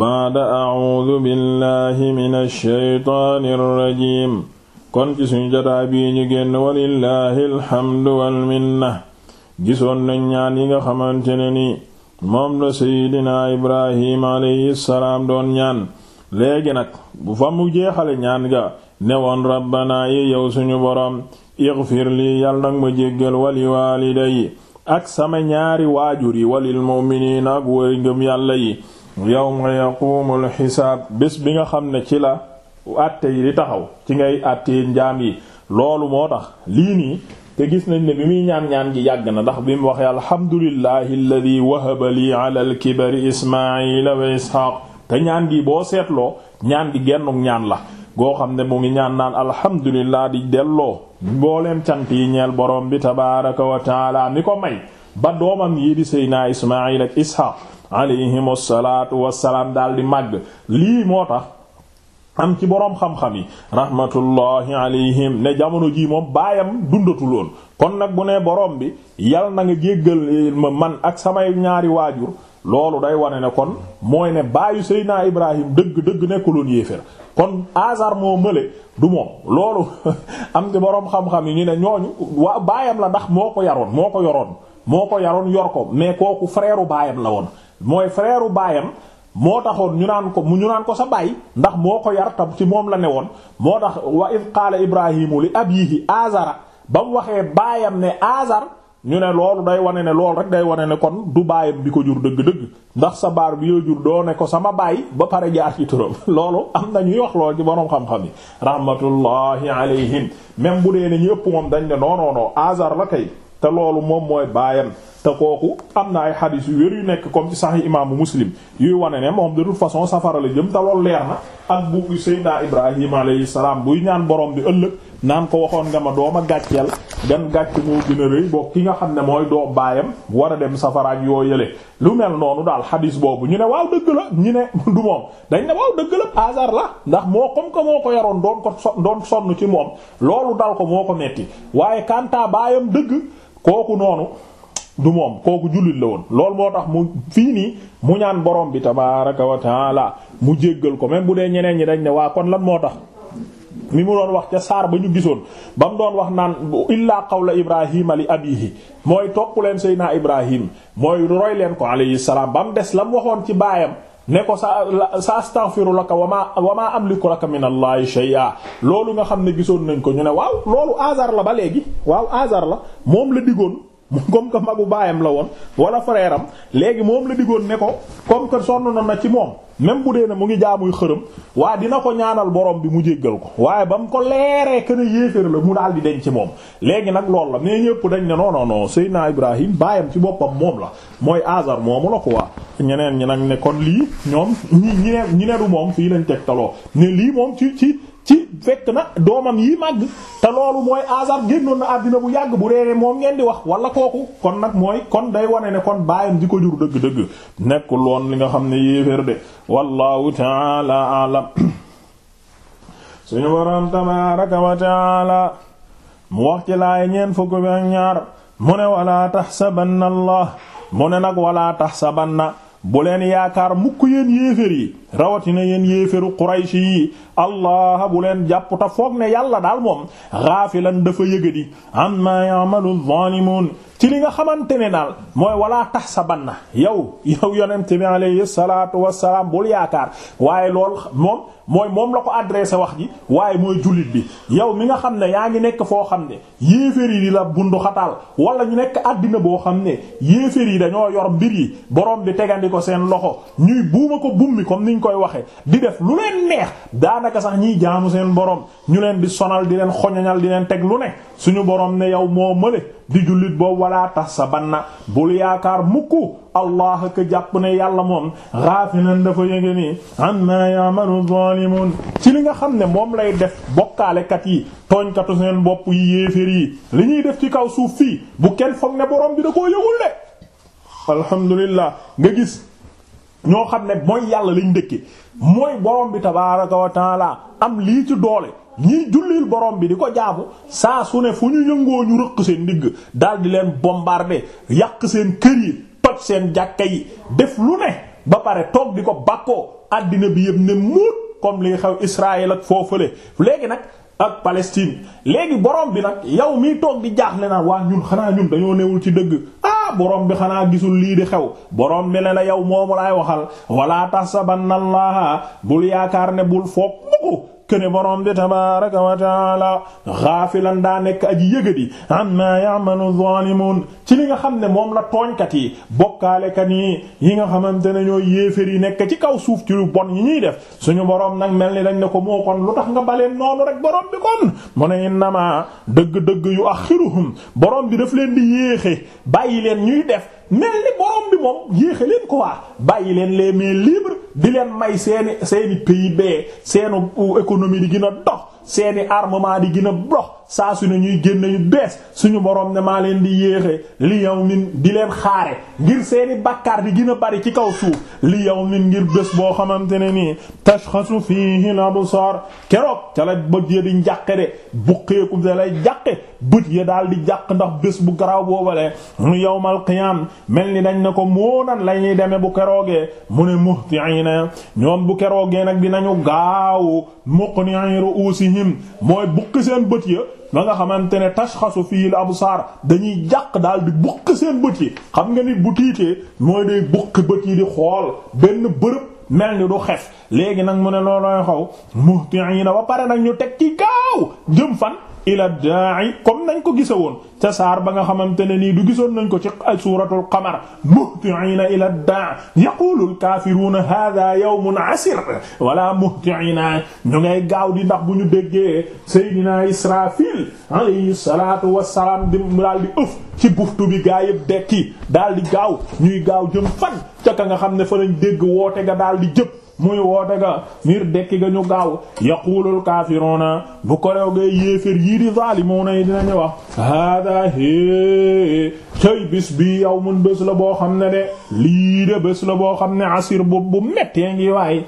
baada audu billahi min alsheytaani irrajim kon ci suñu jataa bii ñu génn walillahi alxamdu walminna gisoon nañ ñaan yi nga xamante ne ni moom la seydinaa ibrahim alayhi salaam doon ñaan léegi nag bu fa mu jeexale ñaan ga newoon rabbanaa yi yow suñu boroom igfir lii yàlla nag ma jéggal wali waalidayi ak sama ñaari waajur yi walil mu'miniina ak way ngëm yàlla yi yawma yaquumul xisaab bés bi nga xam ne ci la àtte yi di taxaw ci ngay àttee njaam yi loolu moo tax lii nii te gis nañ ne bi muy ñaan-ñaan gi yàgg na ndax bi mu waxee alhamdulillahi alladi wahaba lii ala alkibari ismaila wa isxaaq te ñaan gi boo seetloo ñaan gi gennuk ñaan la goo xam ne mu ngi ñaan naan alhamdulillah di delloo mbooleem cant yi ñeel borom bi tabaraka wa taala mi ko may ba doomam yi di sëy naa ak isxaaq alayhimu salaatu daal di màgg lii moo tax am ci boroom xam-xam yi rahmatullahi alayhim ne jamono jii moom baayam dundatul woon kon nag bu ne boroom bi yal na nga jéggal eh, ma man ak samay ñaari waajur loolu day wane ne kon mooy ne baayu Seydina Ibrahim dëgg dëgg nekkuloon yéefér kon hasard moo mële du moom loolu am ci boroom xam-xam yi ñu ne ñooñu baayam la ndax moo ko yaroon moo ko yoroon moo ko yaroon yor ko mais kooku frère baayam la woon mooy frère baayam moo taxoon ñu naan ko mu ñu naan ko sa baay ndax moo ko yar tam ci moom la ne woon moo tax wa id qaala ibrahimu li yii abiihi azara ba mu waxee baayam ne azar ñu ne loolu day wane ne loolu rek day wane ne kon du baayam bi ko jur dëgg-dëgg ndax sa baar bi yoo jur doo ne ko sama baay ba pare jaar ci turam loolu am na ñuy wax loolu ci boroom xam-xam yi rahmatullahi alayhim même bu dee ne ñu moom dañ ne non non non azar la tey te loolu moom mooy baayam te kooku am na ay xadiis yu wér yu nekk comme ci sax imaamu muslim yuy wane ne moom de toute façon safara la jëm te loolu leer na ak bu Seydina Ibrahima alayhi salaam buy ñaan borom bi ëllëg naan ko waxoon nga ma dooma gàcceel gan gàcc moo gën a rëy boo ki nga xam ne mooy doo baayam war a dem safara yoo yële lu mel noonu daal xadiis boobu ñu ne waaw dëgg la ñu ne du moom dañ ne waaw dëgg la hasard la ndax moo comme moo ko yaroon doon ko doon sonn ci moom loolu dal moo ko metti kooku noonu du moom kooku jullit la woon loolu moo tax mu fii nii mu ñaan borom bi tabaaraka wa taala mu jéggal ko même bu dee ñeneen ñi dañ ne waa kon lan moo tax mi mu doon wax ca saar ba ñu gisoon ba mu doon wax naan illaa qawla ibrahima li abihi mooy topp leen sëy seydinaa ibrahim mooy roy leen ko alayhi salaam ba mu des la mu waxoon ci baayam ne ko sa sa astaghfiru laka wa maa wa maa amliku laka min allahi shay'a loolu nga xam ne gisoon nañ ko ñu ne waaw loolu azar la ba léegi waaw azar la moom la digoon comme que magu baayam la woon wala frère am léegi moom la diggoon ne ko comme que sonn na na ci moom même bu dee ne mu ngi jaamuy xërëm waaye dina ko ñaanal borom bi mu jéggal ko waaye ba mu ko leeree que ne yéeféer la mu daal di deñ ci moom léegi nag loolu la mais ñëpp dañ ne non non non Seydina Ibrahim baayam ci boppam moom la mooy Azar moomu la quoi ñeneen ñi nag ne kon lii ñoom ñi ñi ne ñi ne du moom fii lañ teg ne lii moom ci ci. ci fekk na doomam yi màgg te loolu mooy hasard génnoon na àddina bu yàgg bu reene moom ngeen di wax wala kooku kon nag mooy kon day wane ne kon baayam di ko jur dëgg-dëgg nekkul woon li nga xam ne yéefér de wallahu taala alam suñu boroom tabaraka wa taala mu wax ci laay ñeen fukk bi ñaar mu ne walaa taxsabanna allah mu ne nag walaa taxsabanna bu leen yaakaar mukk yéen yéefér yi rawatina yéen yéeféru qurayshi yi allah bu leen jàpp ta foog ne yàlla daal moom gaafilan dafa yëgadi amma ya'malu zaalimuun ci li nga xamante ne daal mooy tax sa banna yow yow yonent bi alayhi salaatu wassalaam bul yaakaar waaye lool moom mooy moom la ko adressé wax ji waaye mooy jullit bi yow mi nga xam ne yaa ngi nekk foo xam ne yéeféer yi di la bundu xataal wala ñu nekk àddina boo xam ne yéeféer yi dañoo yor mbir yi boroom bi tegandi ko seen loxo ñuy buuma ko bummi comme niñ koy waxe daanaka sax ñiy jaamu seen borom ñu leen di sonal di leen xoñoñal di leen teg lu ne suñu borom ne yow moo mële di jullit boobu walaa tax sa banna bul yaakaar mukku allah ka jàpp ne yàlla moom gaafilan dafa yënge nii amma ya'malu zalimun ci li nga xam ne moom lay def bokkaalekat yi tooñkatu seen bopp yi yéeféer yi li ñuy def ci kaw suuf fii bu kenn foog ne borom bi da koo yëgul de alhamdulillah nga gis ñoo xam ne mooy yàlla lañ dëkke mooy borom bi tabaaraka wa taala am lii ci doole ñiy jullil borom bi di ko jaabu saa su ne fu ñu yëngoo ñu rëq seen ndigg daal di leen bombarder yàq seen kër yi toj seen jàkka yi def lu ne ba pare toog di ko bakkoo àddina bi yëpp ne muut comme li xew Israël ak foofule léegi nag ak Palestine léegi borom bi nag yow miy toog di jaaxle naa waa ñun xanaa ñun dañoo newul ci dëgg. Ah, boroom bi xanaa gisul lii di xew borom bi ne la yow moomu laay waxal wala tahsabanna allaha bul yaakaar ne bul foog mukk këne borom bi tabaaraka wa taala gaafilan daa nekk aji yëgadi amma ya'malu zaalimuun ci li nga xam ne moom la tooñkat yi bokkaalekat yi yi nga xamante ne ñoo yéefér yi nekk ci kaw suuf ci lu bon yi ñuy def suñu borom nag mel ni dañ ne ko moo kon lu tax nga baleen noonu rek borom bi kon mu ne innama dëgg-dëgg yu axiruhum borom bi daf leen di yéexe bàyyi leen ñuy def mel ni borom bi moom yéexe leen ko waa bàyyi leen les mains libres di leen may seeni seeni PIB seenu euh, économie di gën a dox seeni armement di gën a dox saa su ne ñuy génn yu bees suñu borom ne maa leen di yéexe li yawmin di leen xaare ngir seeni bàkkaar bi gën a bari ci kaw suuf li yawmin ngir bés boo xamante ne nii tashxasu fiihi al-absaar keroog ca la bët ya di njàqe de buqeeku da lay jàqe bët ya daal di jàq ndax bés bu garaw boobale mu yawmal qiyaam mel ni dañ ne ko moo nan la ñuy demee bu keroogee mu ne muhti'iina ñoom bu keroogee nag dinañu gaaw muqni'i ru'uusihim mooy buqi seen bët ya ba nga xamante ne tashxasu fii l absaar dañuy jàq daal di buq seen bët yi xam nga nit bu tiitee mooy de buq bët yi di xool benn bërëb mel ni du xef léegi nag mu ne loolooy xaw muhtiina ba pare nag ñu teg ci gaaw jëm fan ila da'i comme nañ ko gisa woon ca saar ba nga xamante ne nii du gisoon nañ ko ci suuratul qamar muhti'ina ila da'i yaqulu al-kaafiruuna hadha yawmun 'asir wala muhti'ina ñu ngay gaaw di ndax bu ñu déggee seydina israfil alayhi salatu wasalaam di daal di ëf ci buftu bi gaa dekki daal di gaaw ñuy gaaw jëm fan ca ka nga xam ne fa lañ dégg woote ga daal di jëpp muy woote ga ngir dekki ga ñu gaaw yaqulul kaafiruuna bu ko rew gay yéefér yii di zaalimuuna yi dinañu wax hada hé tey bis bii yow mun bés la boo xam ne de lii de bés la boo xam ne asir bu bu mettee ngi waaye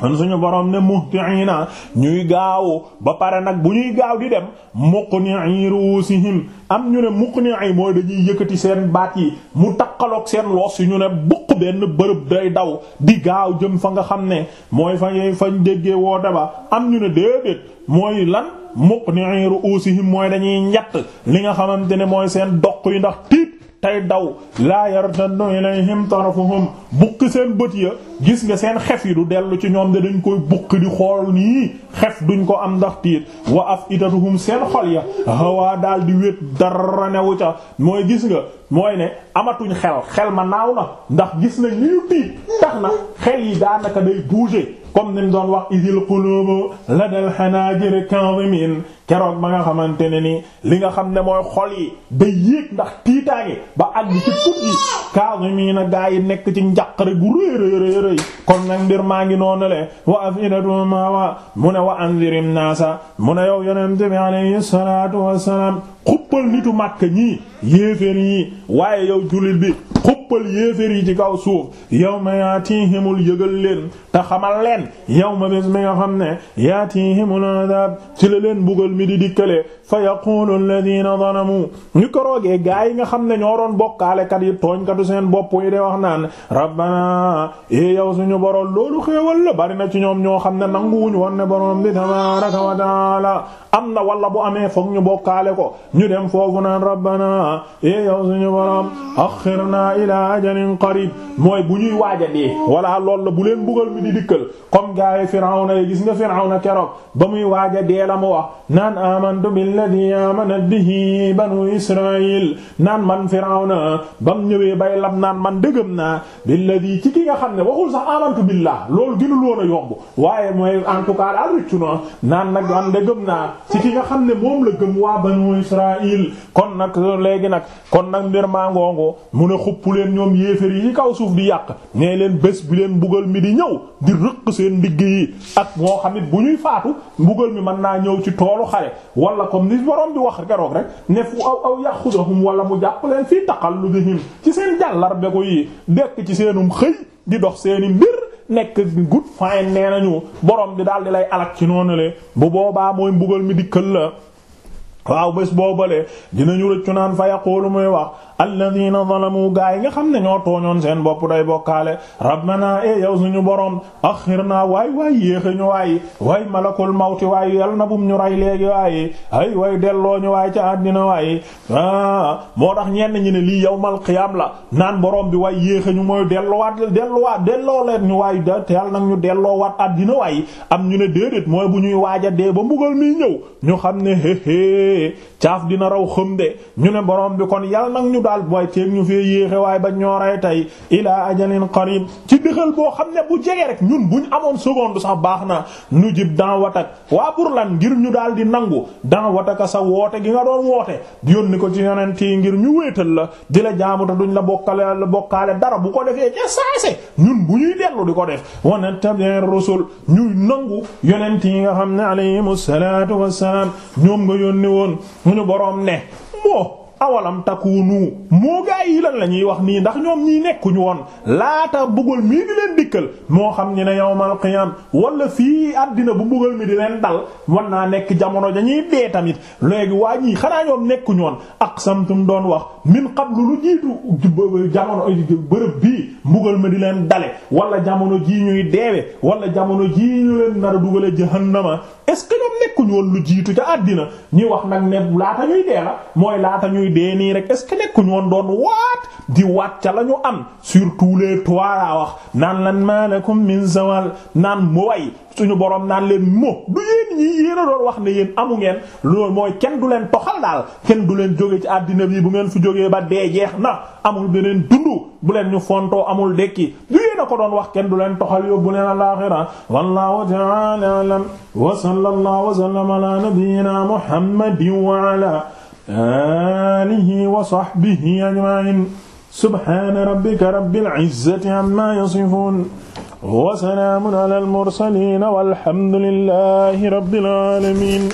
kon suñu borom ne muhtiina ñuy gaaw ba pare nag bu ñuy gaaw di dem muqni'i ruusihim am ñu ne muqni'i mooy dañuy yëkkati seen baat yi mu takkaloog seen loos yu ñu ne buq benn bërëb day daw di gaaw jëm fa nga xam ne mooy fa fañ déggee woote ba am ñu ne déedéet mooy lan muqni'i ruusihim mooy dañuy ñett li nga xamante ne mooy seen doq yi ndax tiit tey daw laa yartaddu ilayhim tarafuhum bukki seen bët ya gis nga seen xef yi du dellu ci ñoom da dañ koy bukki di xool nii xef duñ ko am ndax tiit wa afidatuhum seen xol ya hawaa daal di wét dara newu ca mooy gis nga mooy ne amatuñ xel xel ma naaw na ndax gis nañ li ñu tiit tax na xel yi daanaka day bouger comme ni mu doon wax idil qulubu ladal hanajir kadhimin keroog ma nga xamante ni li nga xam ne mooy xol yi ba yéeg ndax tiitaange ba àgg ci fut yi na gaa yi nekk ci njàqare gu rëy rëy kon nag mbir maa ngi noonu le wa afidatun ma wa mu ne wa anzirim naasa mu ne yow yonent bi alayhi salaatu wassalaam xuppal nitu màkk ñii yéeféer ñii waaye yow jullit bi xuppal yéeféer yi ci kaw suuf yawma yaatihimul yëgal leen te xamal leen yawma bis mi nga xam ne yaatihimul adab ci la leen bugal bi di dikkalee fa yaqulu alladina zalamu ñu ko roogee gaa yi nga xam ne ñoo doon bokkaalekat yi tooñkatu seen bopp yi de wax naan rabbana é yow suñu boroom loolu xéewal la bari na ci ñoom ñoo xam ne nanguwuñu woon ne boroom bi tabaraka wa taala am na wala bu amee foog ñu bokkaale ko ñu dem foofu naan rabbana é yow suñu boroom axirna ila ajalin qarib mooy bu ñuy waaja dee wala loolu la bu leen bugal mi di dikkal ñoom gaay Firawna yi gis nga Firawna keroog ba muy waaja dee la mu wax naan amantu billadhi amanat bihi banu Israil naan man ba bam ñëwee bay lab naan man dëgëm naa billadhi ci ki nga xam ne waxul sax amantu billah loolu gënul woon a yomb waaye mooy en tout cas daal na naan nag man dëgëm naa ci ki nga xam ne moom la gëm waa banu Israil kon nag léegi nag kon nag mbir maa ngoongo mu ne xupp leen ñoom yéefér yi kaw suuf di yàq nee leen bés bi leen bugal mi di ñëw ndigg yi ak moo xam it bu ñuy faatu mbugal mi mën naa ñëw ci toolu xare wala comme ni borom di wax keroog rek ne fu aw aw yaxudahum wala mu jàpp leen fii taqallubihim ci seen jàllar yi dekk ci seenum xëy di dox seeni mbir nekk good fine nee nañu borom bi daal di lay alak ci noonu le bu boobaa mooy mbugal mi di la waaw bés boobale dinañu rëccu naan fa yaqulu muy wax alladina zalamu gaa yi nga xam ne ñoo tooñoon seen bopp day bokkaale rabbana e yow suñu borom axirna waay waay yéexa ñu waay waay malakul mawti waay yal na bum ñu ray léegi waay ay waay delloo ñu waay ca àddina waay ah, moo tax ñenn ñi ne lii yawmal qiyaam la naan borom bi waay yéexa ñu mooy delluwaat delluwaat delloo leen ñu waay da teel nag ñu delloo waat àddina waay am ñu ne déedéet mooy bu ñuy waaja dee ba mbugal mi ñëw ñu xam ne héhé caaf dina raw xëm de ñu ne borom bi kon yal nag ñu baal waaye teeg ñu fee yéexe waaye ba ñooray tey ilaa ajalin qarib ci dëxal boo xam ne bu jege rek ñun buñ amoon seconde sax baax na ñu jib dan watak waa pour la ngir ñu daal di nangu dan wataka sa woote gi nga doon woote yónni ko ci yonent yi ngir ñu wéetal la di la jaamu te duñ la bokkale la bokkaale dara bu ko defee ca saase ñun bu ñuy dellu di ko def wana tabien rusul ñuy nangu yonent yi nga xam ne alayhimu salaatu wassalaam ñoom nga yónni woon ñu boroom ne awalam takunu moo gaa yi lan la ñuy wax nii ndax ñoom ñii nekkuñu woon laata bëggal mii di leen dikkal moo xam ñu ne yawmal qiyam wala fii àddina bu bëggal mi di leen dal wan naa nekk jamono dañuy dee tamit léegi waa ñii xanaa ñoom nekkuñu woon aqsamtum doon wax min qablu lu jiitu jamono bërëb bii mbugal ma di leen dale wala jamono jii ñuy deewe wala jamono jii ñu leen nar a dugale jahannama est-ce que ñoom nekkuñu woon lu jiitu ca àddina ñi wax nag ne laata ñuy dee la mooy laata ñuy dee nii rek est-ce que nekkuñu woon doon waat di waat ca la ñu am surtout les wax naan lan maalakum min naan mu way suñu borom naan leen mo a wax ne yéen amu ngeen loolu mooy kenn du leen toxal daal kenn du leen jóge ci àddina bii bu ngeen fu jógee ba dee jeex na amul beneen dundu bu leen ñu fontoo amul dekki ko doon wax kenn du leen toxal yóbbu leen alaaxira wallahu ta'ala a'lam wa sallallahu wa sallama ala nabiyyina muhammadin wa ala alihi wa sahbihi ajma'in subhana rabbika rabbil izzati amma yasifun wa salamun ala al mursalin walhamdulillahi rabbil alamin